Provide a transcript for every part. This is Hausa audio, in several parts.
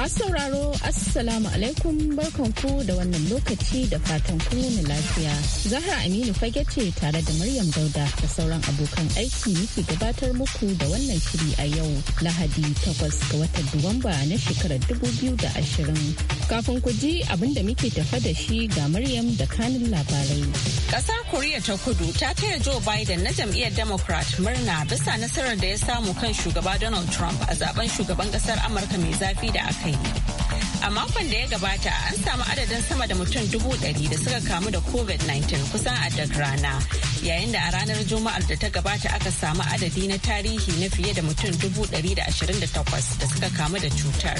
Masu sauraro Assalamu alaikum barkanku da wannan lokaci da fatan kuna lafiya. Zahra Aminu fage ce tare da Maryam Dauda da sauran abokan aiki muke gabatar muku da wannan shiri a yau Lahadi 8 ga watan duwamba na shekarar 2020. Kafin ku ji abin da muke tafa da shi ga Maryam da kanin labarai. Ƙasar Koriya ta kudu ta taya Joe Biden na jam'iyyar Democrat murna bisa nasarar da ya samu kan shugaba Donald Trump a zaben shugaban kasar Amurka mai zafi da aka yi. A makon da ya gabata an samu adadin sama da mutum dubu ɗari da suka kamu da COVID-19 kusan a duk rana. Yayin da a ranar Juma'ar da ta gabata aka samu adadi na tarihi na fiye da mutum dubu ɗari da ashirin da takwas da suka kamu da cutar.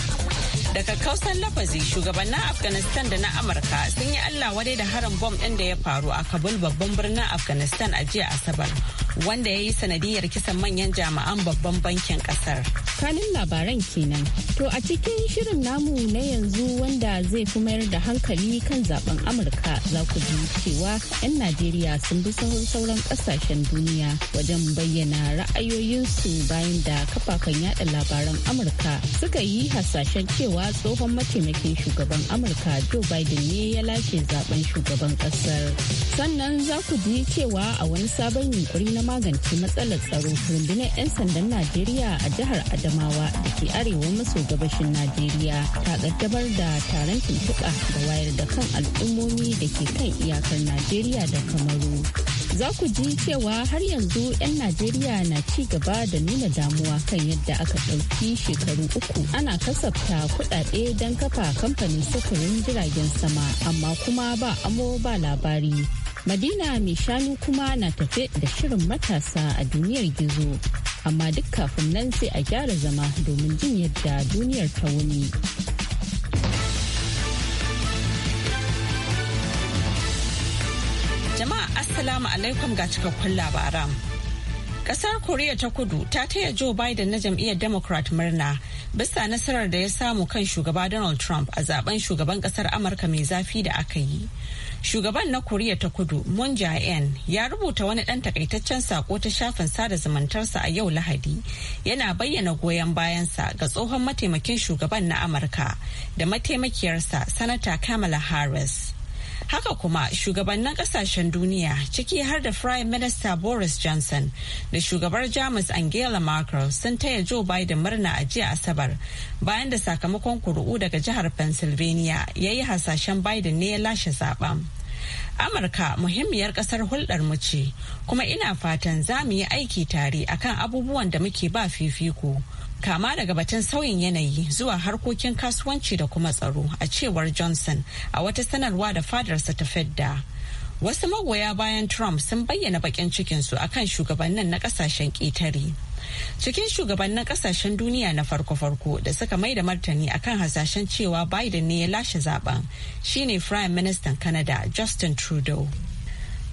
Daga kausan lafazi shugabannin Afghanistan da na Amurka sun yi Allah wadai da harin bom ɗin da ya faru a Kabul babban birnin Afghanistan a jiya Asabar. wanda ya yi sanadiyar kisan manyan jami'an babban bankin kasar. Kanin labaran kenan. To a cikin shirin namu na yanzu wanda zai fi mayar da hankali kan zaben Amurka za ku ji cewa 'yan Najeriya sun bi sauran kasashen duniya wajen bayyana ra'ayoyinsu bayan da kafafen yada labaran Amurka suka yi hasashen cewa tsohon mataimakin shugaban Amurka Joe Biden ne ya lashe zaben shugaban kasar. Sannan za ku ji cewa a wani sabon yunkuri na na magance matsalar tsaro rundunar 'yan sandan Najeriya a jihar Adamawa da ke arewa maso gabashin Najeriya ta gaddamar da taron tuntuka da wayar da kan al'ummomi da ke kan iyakar Najeriya da Kamaru. Za ku ji cewa har yanzu 'yan Najeriya na ci gaba da nuna damuwa kan yadda aka ɗauki shekaru uku ana kasafta kuɗaɗe don kafa kamfanin sufurin jiragen sama amma kuma ba amo ba labari. Madina mai shanu kuma na tafe da shirin matasa a duniyar gizo. Amma duk kafin nan sai a gyara zama domin jin yadda duniyar ta wuni. Jama'a Assalamu alaikum ga cikakkun labaran. Kasar Koriya ta kudu ta taya Joe Biden na jam'iyyar Democrat murna bisa nasarar da ya samu kan shugaba Donald Trump a zaben shugaban kasar Amurka mai zafi da aka yi. Shugaban na Koriya ta Kudu Moon jae ya rubuta wani ɗan takaitaccen sako ta shafin sada zumuntarsa a yau Lahadi yana bayyana goyon bayansa ga tsohon mataimakin shugaban na Amurka da mataimakiyarsa Sanata Kamala Harris. Haka kuma shugabannin kasashen duniya ciki har da Prime Minister Boris Johnson da shugabar Jamus Angela Merkel sun taya Joe Biden murna a jiya Asabar bayan da sakamakon kuri'u daga jihar Pennsylvania ya yi hasashen Biden ne ya lashe zaben. Amurka muhimmiyar kasar hulɗar mu ce, kuma ina fatan za mu yi aiki tare akan abubuwan da muke ba fifiko. Kama daga batun sauyin yanayi zuwa harkokin kasuwanci da kuma tsaro a cewar Johnson a wata sanarwa da fadarsa ta fedda. Wasu magoya bayan Trump sun bayyana bakin cikinsu akan shugabannin na ƙasashen ƙetare. cikin shugabannin kasashen duniya na farko-farko da suka mai da martani akan hasashen cewa biden ne ya lashe zaben shine prime minister canada justin trudeau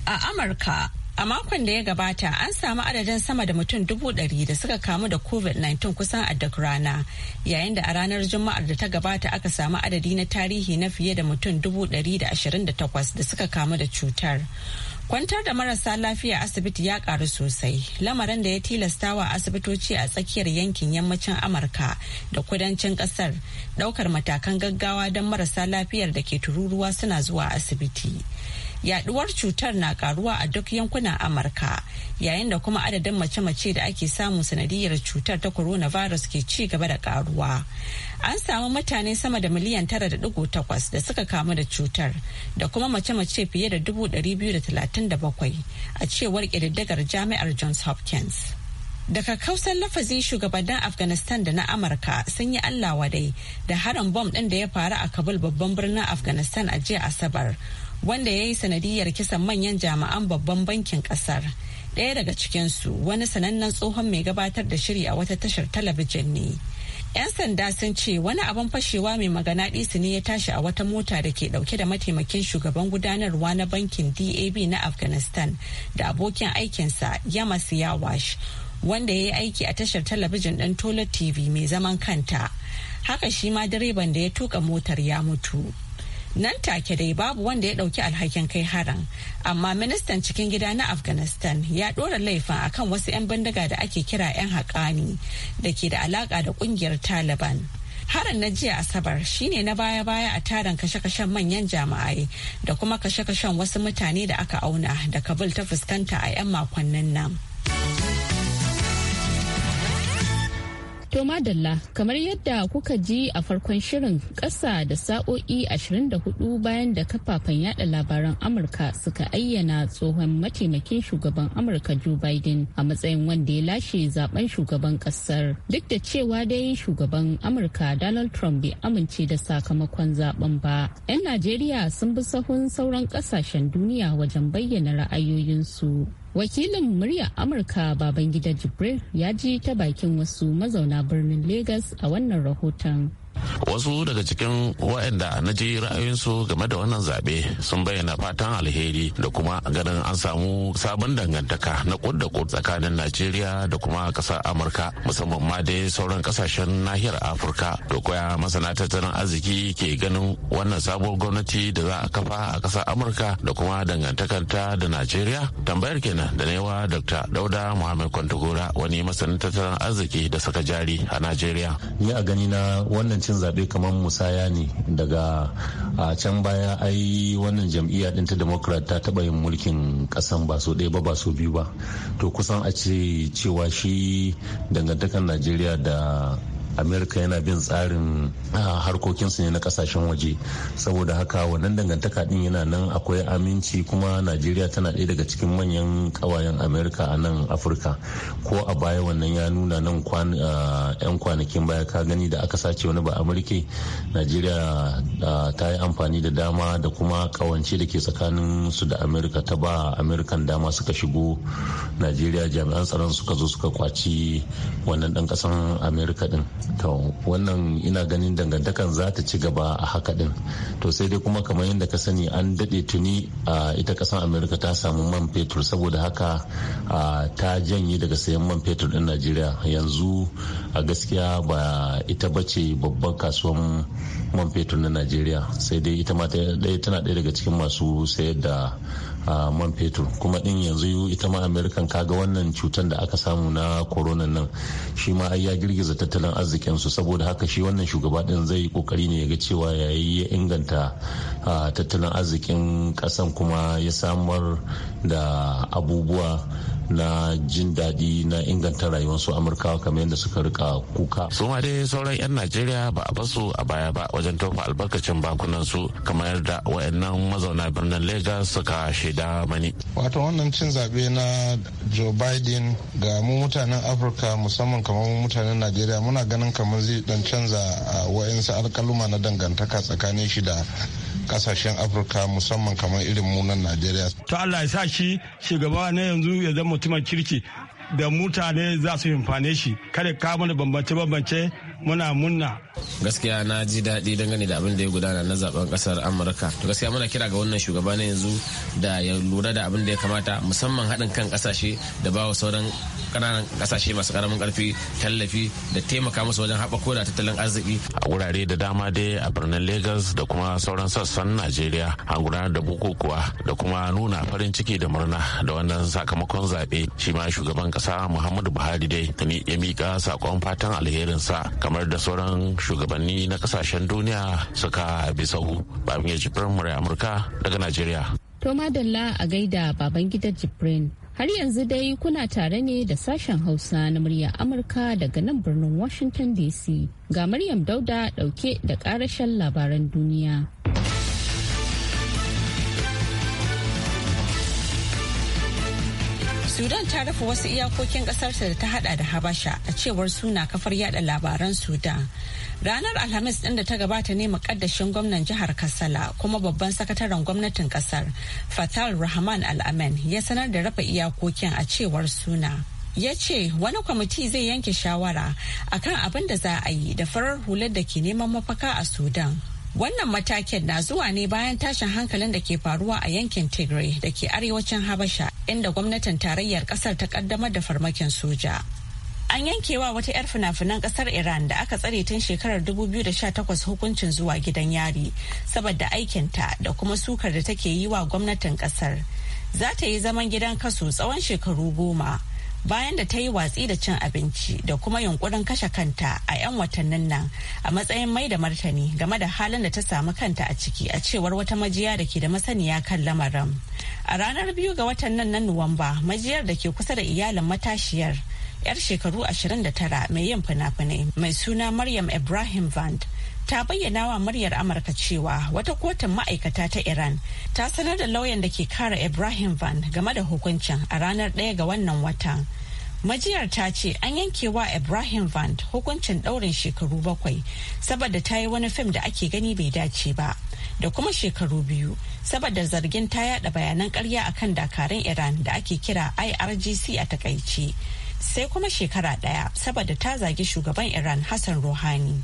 a amurka A makon da ya gabata an samu adadin sama da mutum dubu ɗari da suka kamu da COVID-19 kusan a duk rana, yayin da a ranar Juma'ar da ta gabata aka samu adadi na tarihi na fiye da mutum dubu ɗari da ashirin da takwas da suka kamu da cutar. Kwantar da marasa lafiya asibiti ya karu sosai, lamarin da ya tilasta wa asibitoci a tsakiyar yankin yammacin Amurka da kudancin kasar ɗaukar matakan gaggawa don marasa lafiyar da ke tururuwa suna zuwa asibiti. yaduwar cutar na karuwa a duk yankunan amurka yayin da kuma adadin mace-mace da ake samu sanadiyar cutar ta coronavirus ke ci gaba da karuwa an samu mutane sama da miliyan tara da takwas da suka kamu da cutar da kuma mace-mace fiye da dubu biyu da talatin da bakwai a cewar ƙididdigar jami'ar johns hopkins daga kausan lafazi shugabannin afghanistan da na amurka sun yi allah wadai da harin bom ɗin da ya faru a kabul babban birnin afghanistan a jiya asabar wanda ya yi sanadiyar kisan manyan jami'an babban bankin kasar ɗaya daga cikinsu wani sanannen tsohon mai gabatar da shiri a wata tashar talabijin ne 'yan sanda sun ce wani abin fashewa mai magana ɗisi ne ya tashi a wata mota da ke ɗauke da mataimakin shugaban gudanarwa na bankin dab na afghanistan da abokin aikinsa yamas yawash wanda ya yi aiki a tashar talabijin ɗin tola tv mai zaman kanta haka shi ma direban da ya tuka motar ya mutu nan take dai babu wanda ya dauki alhakin kai harin amma ministan cikin gida na afghanistan ya dora laifin akan wasu 'yan bindiga da ake kira 'yan haƙani da ke da alaƙa da ƙungiyar taliban harin na jiya asabar shine na baya-baya a tarin kashe-kashen manyan jama'ai da kuma kashe-kashen wasu mutane da aka auna da kabul ta fuskanta a 'yan makonnin nan. To madalla kamar yadda kuka ji a farkon shirin ƙasa da sa'o'i 24 bayan da kafafen yada labaran Amurka suka ayyana tsohon mataimakin shugaban Amurka Joe Biden a matsayin wanda ya lashe zaben shugaban ƙasar. Duk da cewa dai shugaban Amurka Donald Trump bai amince da sakamakon zaben ba. 'Yan Najeriya sun bi sahun sauran ƙasashen duniya wajen bayyana ra'ayoyinsu. wakilin murya amurka babangida jibril ya ji ta bakin wasu mazauna birnin Legas a wannan rahoton wasu daga cikin waɗanda na ji ra'ayinsu game da wannan zaɓe sun bayyana fatan alheri da kuma ganin an samu sabon dangantaka na kud da kud tsakanin najeriya da kuma ƙasar amurka musamman ma dai sauran ƙasashen nahiyar afirka to koya masana tattalin arziki ke ganin wannan sabuwar gwamnati da za a kafa a ƙasar amurka da kuma dangantakanta da najeriya tambayar kenan da newa dr dauda muhammad kwantagora wani masanin tattalin arziki da saka jari a najeriya ni a gani na wannan cin zaɓe kamar musaya ne daga a can baya ai wannan jam'iyya ɗin ta democrat ta taɓa yin mulkin ƙasan ba so ɗaya ba ba so biyu ba to kusan a ce cewa shi dangantakar najeriya da amerika yana bin tsarin ah, harkokinsu ne na kasashen waje saboda haka wannan dangantaka din yana nan akwai aminci kuma najeriya tana ɗaya daga cikin manyan kawayen amerika a nan afirka ko a baya wannan ya nuna nan yan ah, kwanakin baya ka gani da aka sace wani ba amurke najeriya ah, ta yi amfani da dama da kuma kawance da ke tsakanin su da amerika ta ba amerikan dama suka shigo najeriya jami'an tsaron suka zo suka kwaci wannan ɗan kasan amerika din to wannan ina ganin dangantakan za ta ci gaba a haka din to sai dai kuma kamar yadda ka sani an dade tuni a ita kasan amerika ta samu man fetur saboda haka ta janye daga sayan man fetur ɗin najeriya yanzu a gaskiya ba ita bace babban kasuwan man fetur na najeriya sai dai ita ma tana ɗaya daga cikin masu sayar da a man fetur kuma din yanzu ita ma amerikan kaga wannan cutar da aka samu na corona nan shi ma ai ya girgiza tattalin arzikinsu saboda haka shi wannan shugaba din zai kokari ne ya ga cewa yayi ya inganta tattalin arzikin kasan kuma ya samar da abubuwa na jin daɗi na inganta rayuwarsu amurkawa kamar yadda suka rika kuka su ma dai sauran 'yan najeriya ba a basu a baya ba wajen tofa albarkacin bakunan su kamar yadda wayannan mazauna birnin lagos suka shaida mani wato wannan cin zaɓe na joe biden ga mu mutanen afirka musamman kamar mu mutanen najeriya muna ganin kamar zai dan canza wa'insu alkaluma na dangantaka tsakanin shi da kasashen afirka musamman kamar irin munan najeriya to allah ya sa shi shugaba na yanzu ya zama mutumin kirki da mutane za su amfane shi kada ka mana bambance bambance muna munna gaskiya na ji daɗi dangane da abin da ya gudana na zaben kasar amurka to gaskiya muna kira ga wannan shugaba na yanzu da ya lura da abin da ya kamata musamman haɗin kan kasashe da bawa sauran ƙananan kasashe masu ƙaramin ƙarfi tallafi da taimaka musu wajen haɓako da tattalin arziki a wurare da dama dai a birnin lagos da kuma sauran sassan najeriya an gudanar da bukukuwa da kuma nuna farin ciki da murna da wannan sakamakon zaɓe shi ma shugaban ƙasa muhammadu buhari dai ya miƙa saƙon fatan alherinsa kamar da sauran shugabanni na kasashen duniya suka bi sahu ba ya jibrin murai amurka daga najeriya to madalla a gaida baban gidan jibrin har yanzu dai kuna tare ne da sashen hausa na murya amurka daga nan birnin washington dc ga maryam dauda dauke da karashen labaran duniya sudan ta rufe wasu iyakokin ƙasarta da ta hada da habasha a cewar suna kafar yada labaran sudan ranar alhamis ɗin da ta gabata ne makaddashin gwamnan jihar kassala kuma babban sakataren gwamnatin kasar fatal rahman al al'amen ya sanar da rafa iyakokin a cewar suna ya ce wani kwamiti zai yanke shawara akan abin da za a yi da farar hular da ke neman mafaka a sudan Wannan matakin na zuwa ne bayan tashin hankalin da ke faruwa a yankin Tigray da ke arewacin Habasha inda gwamnatin tarayyar kasar ta kaddamar da farmakin soja. An yankewa wata 'yar fina-finan kasar Iran da aka tsare tun shekarar 2018 hukuncin zuwa gidan yari saboda aikinta da kuma sukar da take yi wa gwamnatin kasar. Za ta yi zaman gidan kaso tsawon shekaru goma. bayan da ta yi watsi da cin abinci da kuma yunkurin kashe kanta a 'yan watannin nan a matsayin mai da martani game da halin da ta samu kanta a ciki a cewar wata majiya da ke da masaniya kan lamarin a ranar biyu ga watan nan na nuwamba majiyar da ke kusa da iyalin matashiyar yar shekaru 29 mai yin fina-finai mai suna maryam ibrahim vand ta bayyana wa muryar amurka cewa wata kotun ma'aikata ta iran ta sanar da lauyan da ke kare ibrahim van game da hukuncin a ranar ɗaya ga wannan watan majiyar ta ce an yanke wa ibrahim van hukuncin ɗaurin shekaru bakwai saboda ta yi wani fim da ake gani bai dace ba da kuma shekaru biyu saboda zargin ta yada bayanan karya akan dakarun iran da ake kira irgc a takaice sai kuma shekara daya saboda ta zagi shugaban iran hassan rouhani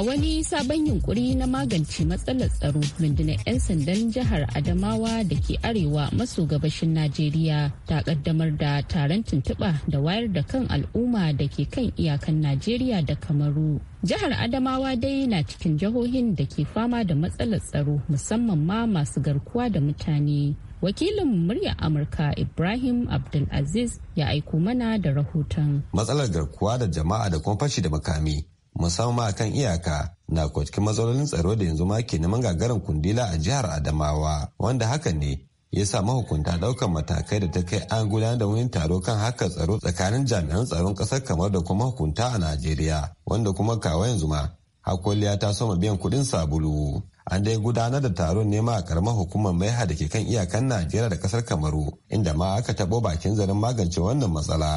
A wani sabon yunkuri na magance matsalar tsaro rundunar 'yan sandan jihar Adamawa da ke arewa maso gabashin Najeriya ta kaddamar da taron tuntuɓa da wayar da kan al'umma da ke kan iyakan Najeriya da Kamaru. Jihar Adamawa dai na cikin jihohin da ke fama da matsalar tsaro musamman ma masu garkuwa da mutane. wakilin Murya amurka ibrahim abdulaziz ya aiko mana da rahoton matsalar garkuwa da jama'a da kuma fashi da makami musamman a kan iyaka na kwatki matsalolin tsaro da yanzu ma ke neman gagarin kundila a jihar adamawa wanda haka ne ya sa mahukunta daukan matakai da ta kai an gudanar da wani taro kan haka tsaro tsakanin jami'an tsaron kasar kamar da kuma hukunta a najeriya wanda kuma kawo yanzu ma hakoliya ta soma biyan kudin sabulu an dai gudanar da taron nema a karamar hukumar mai da ke kan iyakan najeriya da kasar kamaru inda ma aka tabo bakin zarin magance wannan matsala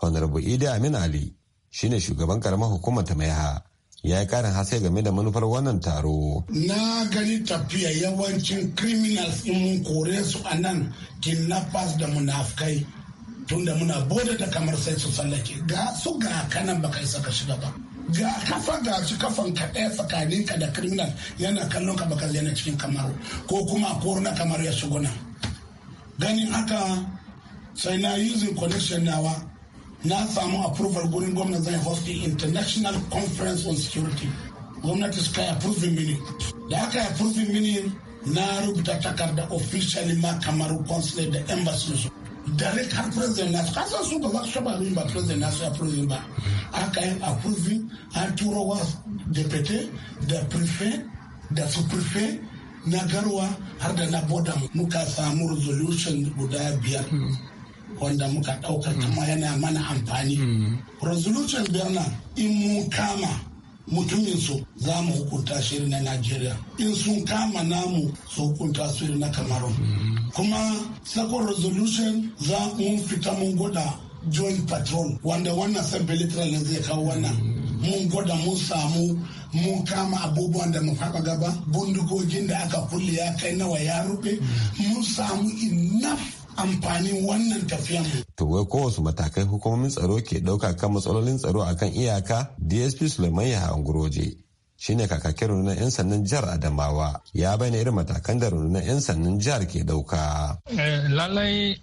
honorable idi amin ali shine shugaban karamar hukumar ta maiha ya yi karin haske game da manufar wannan taro. Na gani tafiya yawancin criminals in mun kore su a nan kidnappers da munafukai tunda muna bode da kamar sai su sallake ga su ga kanan ba isa ka shiga ba. ga kafa ga su kafan ka ɗaya tsakanin ka da criminal yana kallon ka baka cikin kamar ko kuma koruna kamar ya nan. ganin haka sai na using connection nawa na samu approval gurin gwamnati zai hosting international conference on security gwamnati suka yi approving mini da aka yi approving mini na rubuta takarda officially ma kamar consulate da embassy su direct har president nasu ka san su ba za su shaba min ba president nasu ya approving ba aka yi approving an turo wa deputy da prefect da su prefect na garwa har da na boda muka samu resolution guda biyar wanda muka ɗauka mm. kuma yana mana amfani mm. resolution biyar na in mun kama mutumin su za mu hukunta shiri na Najeriya in sun kama namu su hukunta shiri na kamaron. Mm. Kuma second resolution za mun fita mun gwada joint patrol wanda wannan san ne zai kawo wannan. Mun gwada mun samu mun kama abubuwan da mu faɗa gaba bindigogin da aka kulle ya kai nawa ya rufe mun samu enough amfanin wannan tafiyan. To wai kowace matakai hukumomin tsaro ke ɗauka kan matsalolin tsaro a kan iyaka DSP Suleiman Yaha Anguroje. Shi ne kakakin rundunar 'yan sannan jihar Adamawa ya bayyana irin matakan da rundunar 'yan sannan jihar ke ɗauka. Eh, lallai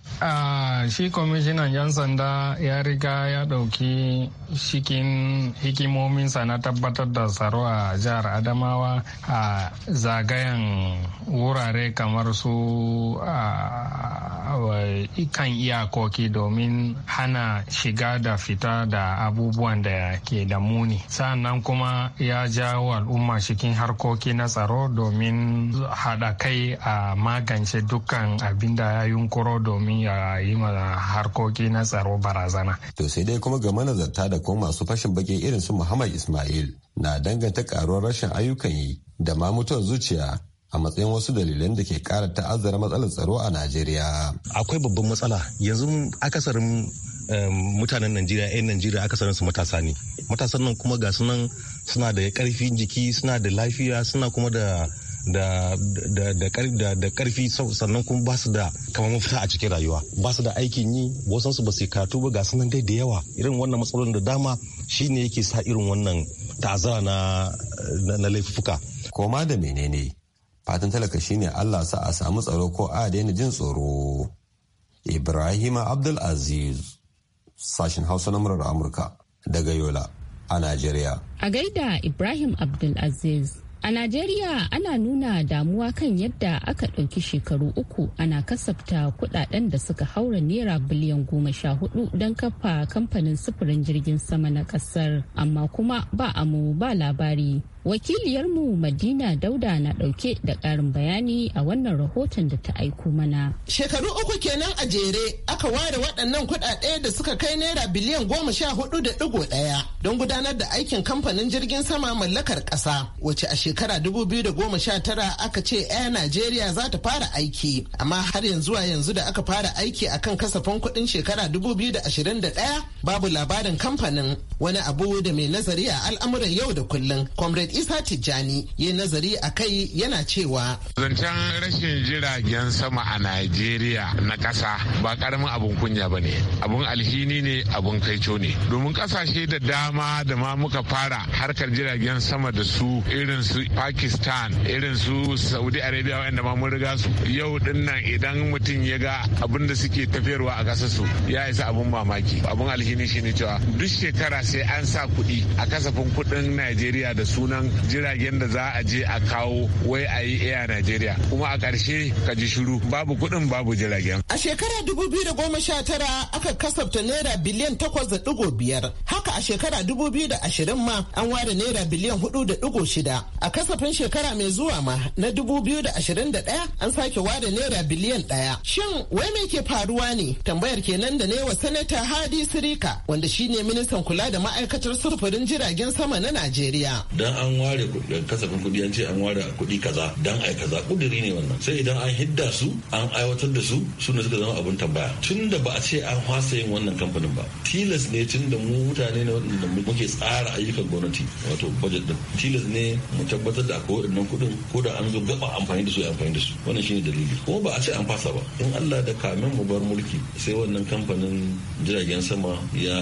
shi kwamishinan 'yan sanda ya riga ya ɗauki shikin hikimominsa na tabbatar da tsaro a jihar Adamawa a zagayen wurare kamar su kan iyakoki domin hana shiga da fita da abubuwan da ke da muni sannan kuma ya jawo al'umma cikin harkoki na tsaro domin haɗa kai a magance dukkan abin da ya yunkuro domin ya yi mana harkoki na tsaro barazana. To sai dai kuma ga manazarta da kuma masu fashin baki irin su Muhammad Ismail na danganta karuwar rashin ayyukan yi da ma mutuwar zuciya a matsayin wasu dalilan da ke kara ta'azzara matsalar tsaro a Najeriya. Akwai babban matsala yanzu akasarin eh, mutanen Najeriya 'yan Najeriya akasarin su matasa ne. Matasan nan kuma ga sunan suna da karfin jiki suna da lafiya suna kuma da da karfi sannan kuma ba su da kamar mafita a cikin rayuwa ba su da aikin yi wasan su ba su katu ba ga sanan dai da yawa irin wannan matsalolin da dama shine yake sa irin wannan ta'azara na na laifuka koma da menene fatan talaka shine Allah sa a samu tsaro ko a daina jin tsoro Ibrahima Abdul Aziz sashen Hausa na murar Amurka daga Yola a Najeriya a gaida Ibrahim Abdul Aziz A Najeriya ana nuna damuwa kan yadda aka ɗauki shekaru uku ana kasafta kudaden da suka haura naira biliyan goma sha hudu don kafa kamfanin sufurin jirgin sama na ƙasar, amma kuma ba amu ba labari. wakiliyarmu madina dauda na dauke da karin bayani a wannan rahoton da ta aiko mana shekaru uku kenan a jere aka ware waɗannan kuɗaɗe da suka kai naira biliyan goma sha hudu da digo ɗaya don gudanar da aikin kamfanin jirgin sama mallakar ƙasa wace a shekara dubu biyu da goma sha tara aka ce 'yan najeriya za ta fara aiki amma har yanzu a yanzu da aka fara aiki akan kasafin kuɗin shekara dubu biyu da ashirin da ɗaya babu labarin kamfanin wani abu da mai nazari a al'amuran yau da kullum comrade isa tijjani ya nazari a kai yana cewa zancen rashin jiragen sama a najeriya na kasa ba karamin abun kunya ba ne abun alhini ne abun kaico ne domin kasashe da dama da ma muka fara harkar jiragen sama da su irin su pakistan irin su saudi arabia wa'anda ma mun riga su yau din nan idan mutum ya ga abin da suke tafiyarwa a ƙasar su ya isa abun mamaki abun alhini shine cewa duk shekara sai an sa kuɗi a kasafin kuɗin najeriya da sunan jiragen da za a je a kawo wai a yi iya Najeriya kuma a ƙarshe ka ji shiru babu kuɗin babu jiragen. A shekara dubu biyu da goma sha tara aka kasafta naira biliyan takwas da ɗigo biyar haka a shekara dubu biyu da ashirin ma an ware naira biliyan hudu da ɗigo shida a kasafin shekara mai zuwa ma na dubu biyu da ashirin da ɗaya an sake ware naira biliyan ɗaya. Shin wai me ke faruwa ne tambayar kenan da ne wa sanata Hadi Sirika wanda shine ministan kula da ma'aikatar sufurin jiragen sama na Najeriya. an ware kasafin kuɗi an ce an ware kuɗi kaza dan ai kaza kuduri ne wannan sai idan an hidda su an aiwatar da su su ne suka zama abin tambaya tun da ba a ce an hwasa yin wannan kamfanin ba tilas ne tun da mu mutane ne waɗanda muke tsara ayyukan gwamnati wato budget din tilas ne mu tabbatar da akwai wannan kuɗin ko da an zo gaba amfani da su amfani da su wannan shine dalili ko ba a ce an fasa ba in Allah da kamin mu bar mulki sai wannan kamfanin jiragen sama ya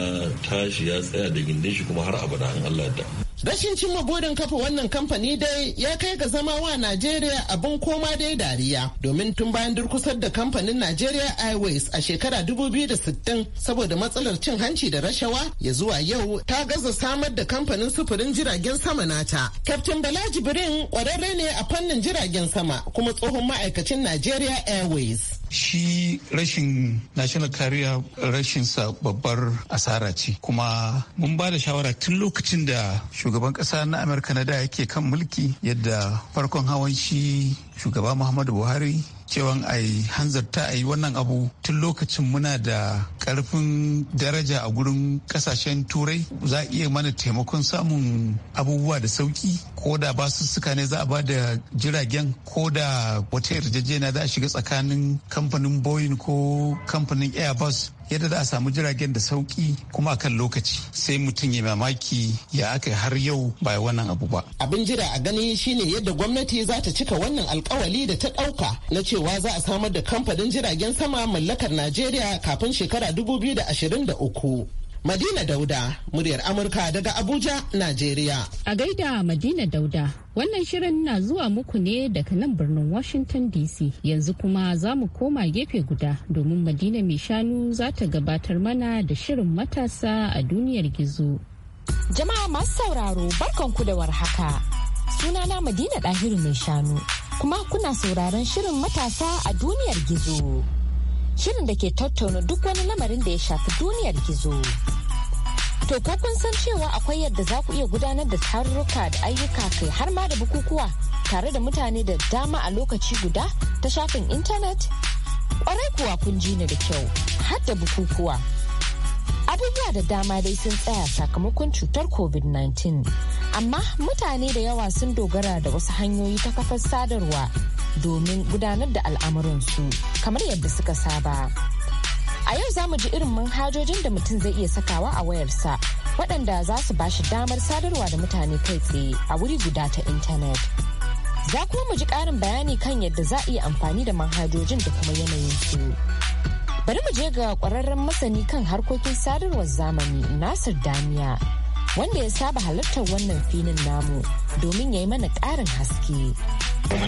tashi ya tsaya da gindin shi kuma har abada in Allah da Rashin cimma burin kafa wannan kamfani dai ya kai ga zama wa Najeriya abin koma dai dariya domin tun bayan durkusar da kamfanin Najeriya Airways a shekara 2060 saboda matsalar cin hanci da rashawa ya zuwa yau ta gaza samar da kamfanin sufurin jiragen sama nata. Captain Bala Jibrin kwararre ne a fannin jiragen sama kuma tsohon ma'aikacin Najeriya Airways. shi rashin national kariya rashin sa babbar asara ce kuma mun ba da shawara tun lokacin da shugaban kasa na amurka na da yake kan mulki yadda farkon hawan shi shugaba muhammadu buhari cewan a yi hanzarta a yi wannan abu tun lokacin muna da karfin daraja a gurin kasashen turai za a iya mana taimakon samun abubuwa da sauki ko da basussuka ne za a ba da jiragen ko da wata yarjejeniya za a shiga tsakanin kamfanin boeing ko kamfanin airbus yadda za a samu jiragen da sauki kuma kan lokaci sai mutum ya mamaki ya aka har yau ba wannan abu ba abin jira a gani shine yadda gwamnati za ta cika wannan alkawali da ta dauka na cewa za a samar da kamfanin jiragen sama mallakar najeriya kafin shekara 2023 Madina Dauda, muryar Amurka daga Abuja, Najeriya. A gaida Madina Dauda, wannan shirin na zuwa muku ne daga nan birnin Washington DC. Yanzu kuma za mu koma gefe guda domin Madina mai shanu za ta gabatar mana da shirin matasa a duniyar gizo. Jama'a masu sauraro barkanku da warhaka. Sunana Madina Dahiru mai shanu, kuma kuna sauraron shirin matasa a duniyar gizo. shirin da ke tattauna duk wani lamarin da ya shafi duniyar gizo. To ko kun san cewa akwai yadda za ku iya gudanar da tarurruka da ayyuka kai har ma da bukukuwa tare da mutane da dama a lokaci guda ta shafin intanet? Kwarai kuwa kun ji ni da kyau, har da bukukuwa. Abubuwa da dama dai sun tsaya sakamakon cutar COVID-19, amma mutane da yawa sun dogara da wasu hanyoyi ta kafar sadarwa domin gudanar da al'amuransu kamar yadda suka saba. A yau za mu ji irin manhajojin da mutum zai iya sakawa a wayarsa waɗanda za su ba shi damar sadarwa da mutane kai tsaye a wuri guda ta intanet. Za kuma mu ji ƙarin bayani kan yadda za a iya amfani da manhajojin da kuma yanayinsu. Bari mu je ga ƙwararren masani kan harkokin sadarwar zamani Nasir Damiya. wanda ya saba halartar wannan filin namu domin ya yi mana ƙarin haske.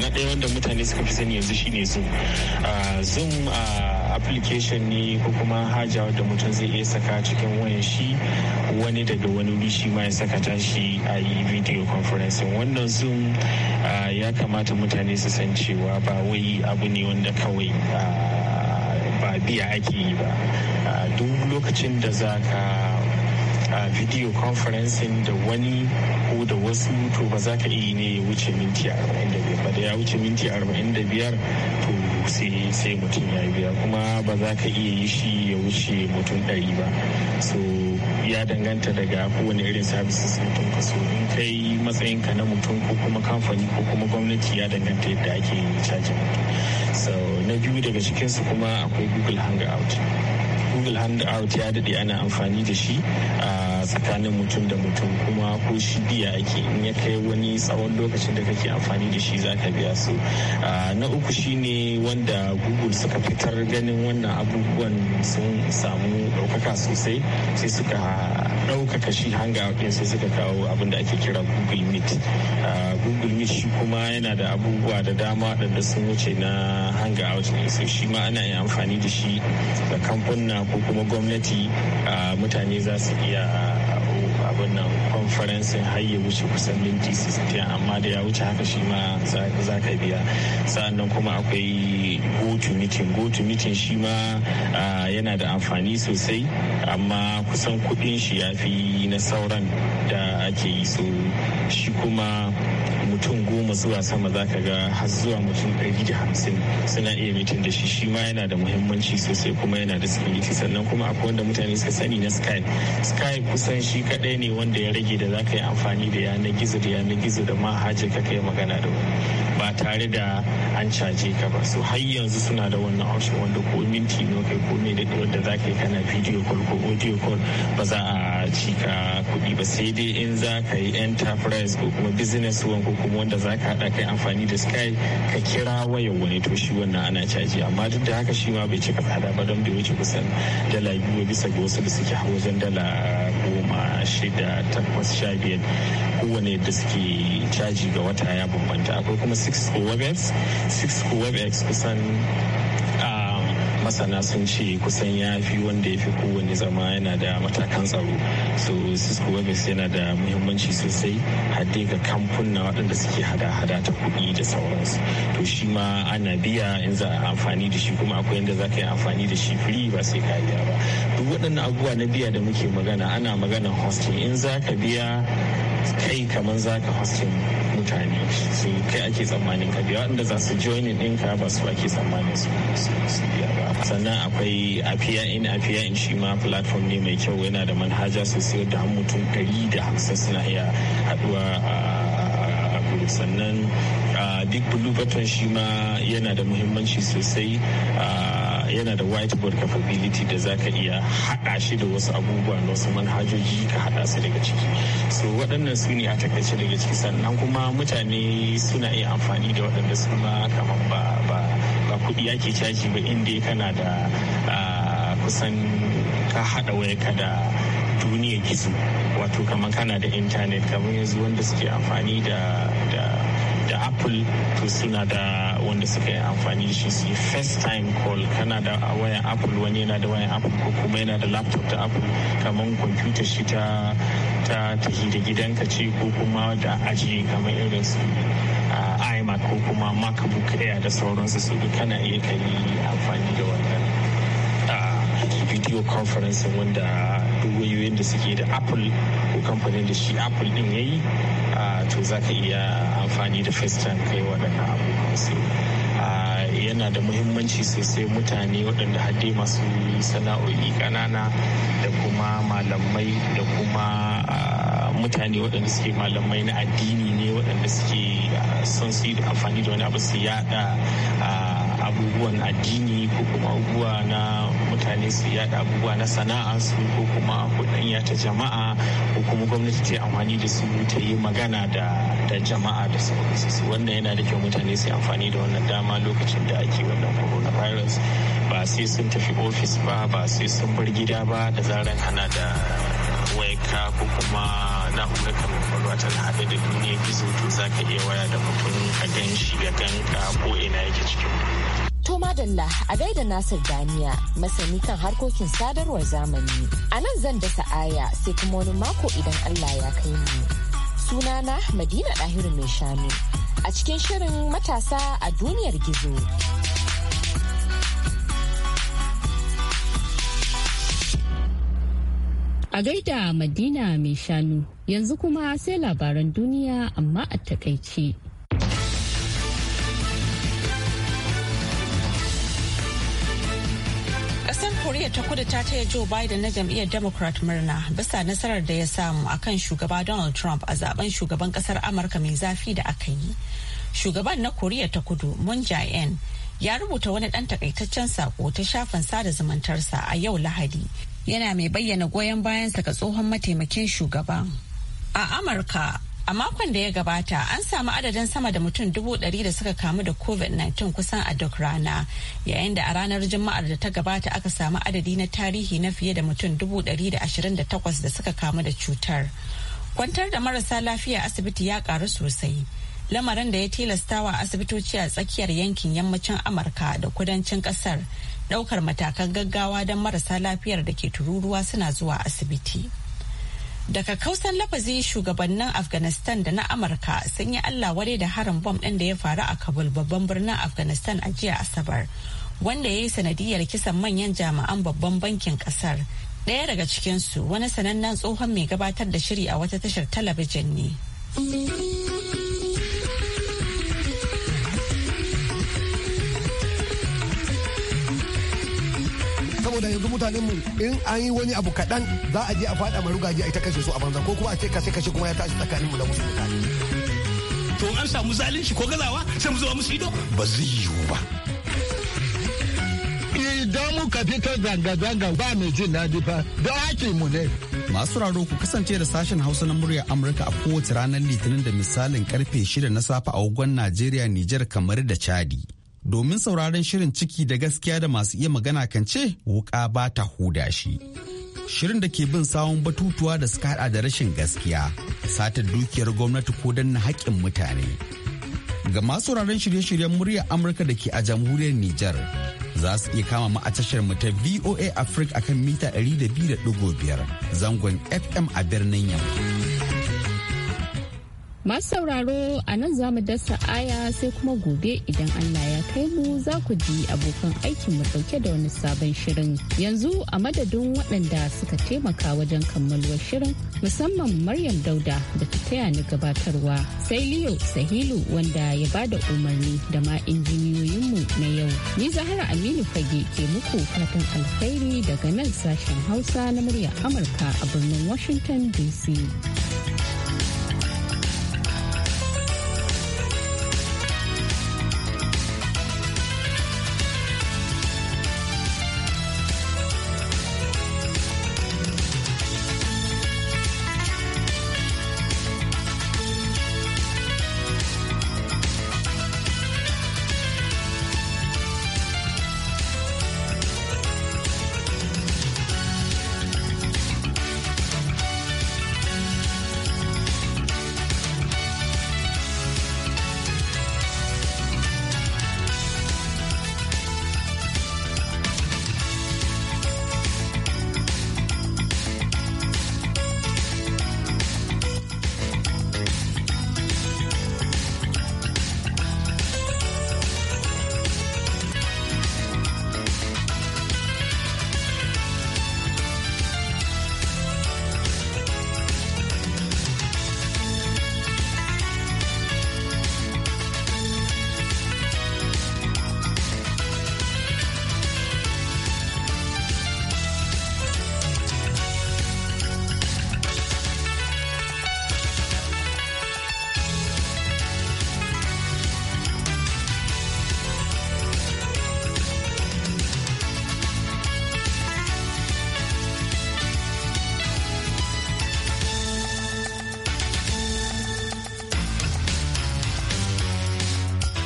na ɗaya wanda mutane suka fi sani yanzu shine zoom zoom application ne ko kuma haja wadda mutum zai iya saka cikin wayan shi wani daga wani wuri shi ma ya saka ta shi a yi video conferencing wannan zoom ya kamata mutane su san cewa ba wai abu ne wanda kawai ba biya ake yi ba duk lokacin da za ka a video conferencing da wani ko da wasu to ba za ka iya ne ya wuce minti 45 ba da ya wuce minti 45 to sai mutum ya biya kuma ba za ka iya yi shi ya wuce mutum 100 ba so ya danganta daga kowane irin services mutum ka so in kai matsayinka na mutum ko kuma kamfani ko kuma gwamnati ya danganta yadda ake caji mutum so na biyu daga cikinsu kuma akwai google hangout single hand out ya daɗe ana amfani da shi a tsakanin mutum da mutum kuma ko shi biya ake in ya kai wani tsawon lokacin da kake amfani da shi za ka biya su na uku shine wanda google suka fitar ganin wannan abubuwan sun samu ɗaukaka sosai sai suka ɗaukaka shi hanga ɗin sai suka kawo abin da ake kira google meet ah, google meet shi kuma yana da abubuwa da dama waɗanda sun wuce na hanga out ne so shi ma ana yin amfani da shi da kamfuna ko kuma gwamnati ah, mutane za su iya ah, abin nan conferencing har ya wuce kusan minti 60 amma da ya wuce haka shi ma za ka biya sa'annan kuma akwai go to meeting go to meeting shi ma yana da amfani sosai amma kusan kudin shi ya fi na sauran da ake yi so shi kuma mutum goma zuwa sama za ka ga har zuwa mutum ɗari da hamsin suna iya mitin da shi shi ma yana da muhimmanci sosai kuma yana da security sannan kuma akwai wanda mutane suka sani na skype skype kusan shi kaɗai ne wanda ya rage da za ka yi amfani da yanar gizo da yanar gizo da manhajar ka kai magana da wani ba tare da an caje ka ba so har yanzu suna da wannan option wanda ko minti ne kai ko me da wanda za ka yi kana video call ko audio call ba za a a ci kuɗi ba sai dai in za ka yi enterprise ko kuma business wan ko kuma wanda za ka haɗa kai amfani da sky ka kira wayan wani to shi wannan ana caji amma duk da haka shi ma bai cika tsada ba don bai wuce kusan dala biyu bisa ga wasu da suke wajen dala goma shida takwas sha biyar kowane da suke caji ga wata ya bambanta akwai kuma 6 ko 6 ko kusan masana sun ce kusan ya fi wanda ya fi kowane zama yana da matakan tsaro so cisco webex yana da muhimmanci sosai hadde ga kamfuna waɗanda suke hada-hada ta kuɗi da sauransu to shi ma ana biya in za a amfani da shi kuma akwai yadda za ka yi amfani da shi firi ba sai ka biya ba duk waɗannan abubuwa na biya da muke magana ana magana hosting in za ka biya kai kamar za ka hosting mutane su kai ake tsammanin ka biya waɗanda za su din ɗinka ba su ake tsammanin su biya ba sannan akwai afiya in afiya in shi ma platform ne mai kyau yana da manhaja sosai da mutum ɗari da hamsin suna iya haɗuwa a sannan big blue button shi ma yana da muhimmanci sosai yana da whiteboard capability da za ka iya haɗa shi da wasu abubuwa da wasu manhajoji ka haɗa su daga ciki so waɗannan su ne a takaice daga ciki sannan kuma mutane suna iya amfani da waɗanda su ma kamar ba ba kuɗi ake caji ba inda kana da kusan ka haɗa wayarka da duniya gizo wato kamar kana da intanet kamar yanzu wanda suke amfani da apple to suna da wanda suka yi amfani da shi su first time call kana da wayan apple wani yana da wayan apple ko kuma yana da laptop ta apple kamar computer shi ta ta tafi da gidanka ce ko kuma da ajiye kamar irin su ah, imac ko kuma macbook air da sauransu su kana iya kai amfani da wannan ah, video conferencing wanda duk wayoyin da suke da apple ko kamfanin da shi apple din yayi to za ka iya amfani da facetime kai waɗannan abubuwan su yana da muhimmanci sosai mutane waɗanda hadde masu sana'o'i ƙanana da kuma malamai da kuma mutane waɗanda suke malamai na addini ne waɗanda suke son su yi amfani da wani abu su yada abubuwan addini ko kuma abubuwa na mutane su yada abubuwa na sana'a su ko kuma kudin ta jama'a ko kuma gwamnati ta amfani da su ta yi magana da jama'a da sauransu wannan yana da kyau mutane su amfani da wannan dama lokacin da ake wannan coronavirus ba sai sun tafi ofis ba ba sai sun bar gida ba da zaran ana da waika ko kuma na'urar kamar kwalwa tana da duniya gizo to za ka iya waya da mutum ka gan shi ya ganka ko ina yake cikin mutum To madalla a gaida Nasir Daniya masani kan harkokin sadarwar zamani. A nan zan dasa aya sai kuma wani mako idan Allah ya kai mu. Sunana Madina Dahiru mai shanu a cikin shirin matasa a duniyar gizo. A gaida Madina mai shanu yanzu kuma sai labaran duniya amma a takaice. kudu ta taya Joe Biden na jam'iyyar Democrat murna bisa nasarar da ya samu a kan shugaba Donald Trump a zaben shugaban kasar Amurka mai zafi da aka yi. Shugaban na Koriya ta kudu Moon jae ya rubuta wani ɗan takaitaccen sako ta shafin sada zumuntarsa a yau Lahadi. Yana mai bayyana goyon bayansa ga tsohon mataimakin shugaban. A Amurka, A makon da ya gabata an samu adadin sama da mutum dubu ɗari da suka kamu da COVID-19 kusan a duk rana yayin da a ranar Juma'ar da ta gabata aka samu adadi na tarihi na fiye da mutum dubu ɗari da ashirin da takwas da suka kamu da cutar. Kwantar da marasa lafiya asibiti ya ƙaru sosai. Lamarin da ya tilastawa asibitoci a tsakiyar yankin yammacin Amurka da kudancin ƙasar ɗaukar matakan gaggawa don marasa lafiyar da ke tururuwa suna zuwa asibiti. Daga kausan lafazi shugabannin Afghanistan da na Amurka sun yi Allah wadai da harin bom ɗin da ya faru a Kabul babban birnin Afghanistan a jiya Asabar, wanda ya yi sanadiyar kisan manyan jami'an babban bankin kasar Ɗaya daga cikinsu wani sanannen tsohon mai gabatar da shiri a wata tashar talabijin ne. saboda yanzu mutanen mu in an yi wani abu kaɗan za a je a faɗa marugaji a ita kashe su a banza ko kuma a ce kashe kashe kuma ya tashi tsakanin mu da musu mutane to an samu zalunci ko gazawa sai mu zuba musu ido ba zai yiwu ba idan muka fito zanga-zanga ba mai jin daɗi ba, don ake mu ne. Masu raro ku kasance da sashen Hausa na muryar Amurka a kowace ranar Litinin da misalin karfe shida na safe a wagon Najeriya, Nijar, kamar da Chadi. domin sauraron shirin ciki da gaskiya da masu iya magana kan ce wuka ba ta huda shi. Shirin da ke bin sawun batutuwa da suka hada da rashin gaskiya, satar dukiyar gwamnati ko danna haƙƙin mutane. Ga masu sauraron shirye-shiryen muryar Amurka da ke a jamhuriyar Nijar, za su iya kama mu a tashar mu ta VOA Africa akan mita 200.5 zangon FM a birnin yau. Masu sauraro a nan za mu dasa aya sai kuma gobe idan Allah ya kai mu za ku ji abokan aikin mu dauke da wani sabon shirin. Yanzu a madadin waɗanda suka taimaka wajen kammaluwar shirin musamman Maryam Dauda da ta taya ni gabatarwa. Sai Liyo Sahilu wanda ya ba da umarni da ma injiniyoyinmu na yau. Ni Zahara Aminu Fage ke muku fatan alkhairi daga nan sashen Hausa na murya Amurka a birnin Washington DC.